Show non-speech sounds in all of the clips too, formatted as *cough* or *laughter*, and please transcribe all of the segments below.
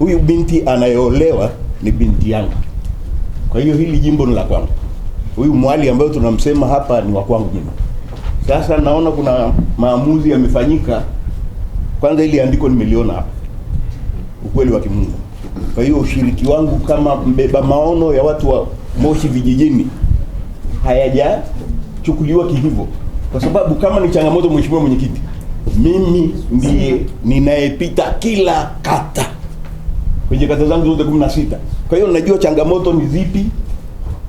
huyu binti anayeolewa ni binti yangu, kwa hiyo hili jimbo ni la kwangu. Huyu mwali ambayo tunamsema hapa ni wa kwangu mimi. Sasa naona kuna maamuzi yamefanyika. Kwanza ili andiko nimeliona hapa, ukweli wa kimungu. Kwa hiyo ushiriki wangu kama mbeba maono ya watu wa Moshi vijijini hayajachukuliwa kihivyo, kwa sababu kama ni changamoto, mheshimiwa mwenyekiti, mimi ndiye ninayepita kila kata kwenye kata zangu zote 16. Kwa hiyo najua changamoto ni zipi,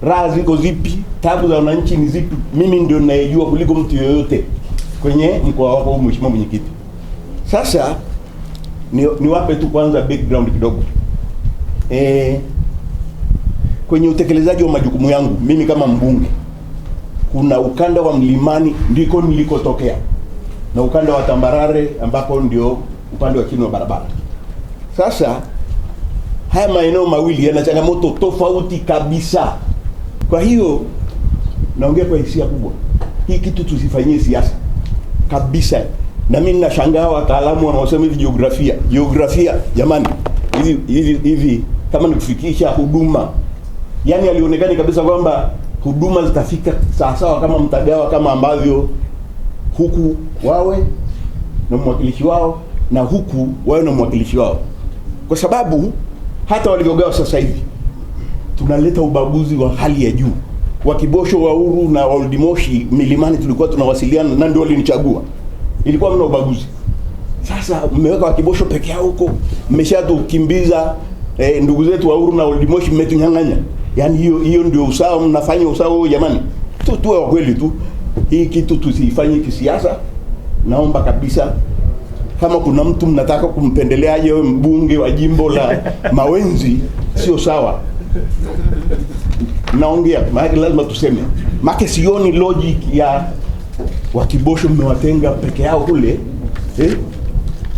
raha ziko zipi, tabu za wananchi ni zipi. Mimi ndio ninayejua kuliko mtu yoyote kwenye mkoa wako, mheshimiwa mwenyekiti. Sasa ni, tu kwanza background kidogo e, kwenye utekelezaji wa majukumu yangu mimi kama mbunge, kuna ukanda wa mlimani ndiko nilikotokea na ukanda wa tambarare ambapo ndio upande wa chini wa barabara. Sasa haya maeneo mawili yana changamoto tofauti kabisa. Kwa hiyo naongea kwa hisia kubwa, hii kitu tusifanyie siasa kabisa. Na mimi ninashangaa wataalamu wanaosema hivi jiografia, jiografia jamani, hivi hivi hivi kama nikufikisha huduma, yaani alionekani kabisa kwamba huduma zitafika sawasawa kama mtagawa, kama ambavyo huku wawe na mwakilishi wao na huku wawe na mwakilishi wao kwa sababu hata walivyogawa sasa hivi, tunaleta ubaguzi wa hali ya juu. Wakibosho, uru na Moshi milimani tulikuwa tunawasiliana na ndio walinichagua, ilikuwa mna ubaguzi. Sasa mmeweka Wakibosho peke yao huko, mmeshatukimbiza eh, ndugu zetu Wauru na Oldimoshi, mmetunyang'anya. Yaani hiyo hiyo ndio usawa, mnafanya usawa Jamani, tu tuwe wa kweli tu, hii kitu tusifanye kisiasa. Naomba kabisa kama kuna mtu mnataka kumpendelea yeye mbunge wa jimbo la *laughs* Mawenzi, sio sawa. Naongea maana lazima tuseme, make, sioni logic ya wakibosho mmewatenga peke yao kule eh?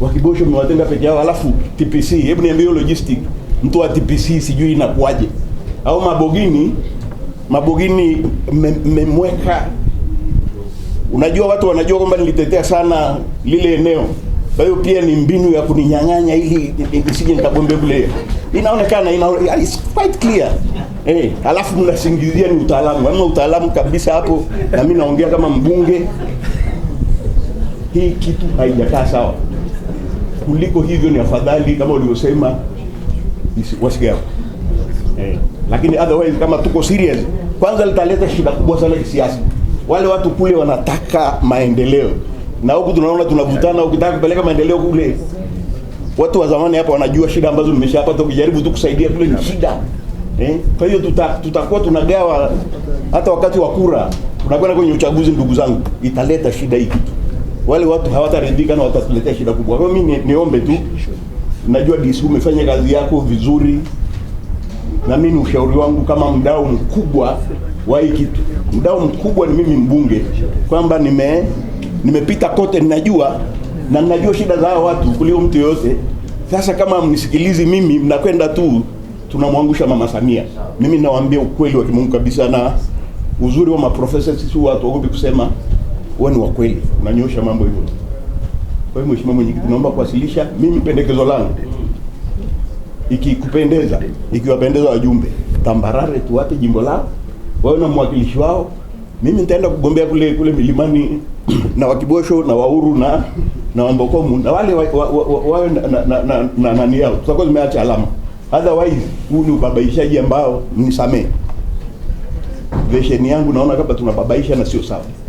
Wakibosho mmewatenga peke yao, alafu TPC, hebu niambie logistic, mtu wa TPC sijui inakuaje? Au Mabogini, Mabogini mmemweka me, unajua watu wanajua kwamba nilitetea sana lile eneo kwa hiyo pia ni mbinu ya kuninyang'anya ili nisije nikagombe kule. Inaonekana ina it's quite clear. Eh, alafu mnasingizia ni utaalamu. Hamna utaalamu kabisa hapo na mimi naongea kama mbunge. Hii kitu haijakaa sawa. Kuliko hivyo ni afadhali kama ulivyosema wasigawa. Eh, lakini otherwise kama tuko serious, kwanza litaleta shida kubwa sana kisiasa. Wale watu kule wanataka maendeleo na huku tunaona tunavutana, ukitaka kupeleka maendeleo kule. Watu wa zamani hapa wanajua shida ambazo nimeshapata, ukijaribu tu kusaidia kule ni shida eh. Kwa hiyo tuta, tutakuwa tunagawa hata wakati wa kura tunakwenda kwenye uchaguzi, ndugu zangu, italeta shida hii kitu. Wale watu hawataridhika na watatuletea shida kubwa. Kwa mimi niombe tu, najua DC umefanya kazi yako vizuri, na mimi ushauri wangu kama mdau mkubwa wa hii kitu, mdau mkubwa ni mimi mbunge, kwamba nime nimepita kote, ninajua na ninajua shida za hao watu kuliko mtu yoyote. Sasa kama mnisikilizi mimi, mnakwenda tu tunamwangusha Mama Samia. Mimi nawaambia ukweli wa kimungu kabisa, na uzuri wa maprofesa sisi watu hatuogopi kusema, wewe ni wakweli, unanyosha mambo hivyo. Kwa hiyo Mheshimiwa Mwenyekiti, naomba kuwasilisha mimi pendekezo langu, ikikupendeza, ikiwapendeza wajumbe, Tambarare tuwape jimbo lao wawe na mwakilishi wao mimi nitaenda kugombea kule kule milimani *clears throat* na wakibosho na wauru na na wambokomu na wale wawe wa, wa, wa, wa, na nani na, na, na, na, na yao tutakuwa zimeacha alama. Otherwise huu ni ubabaishaji ambao nisamee, vesheni yangu naona kama tunababaisha na sio sawa.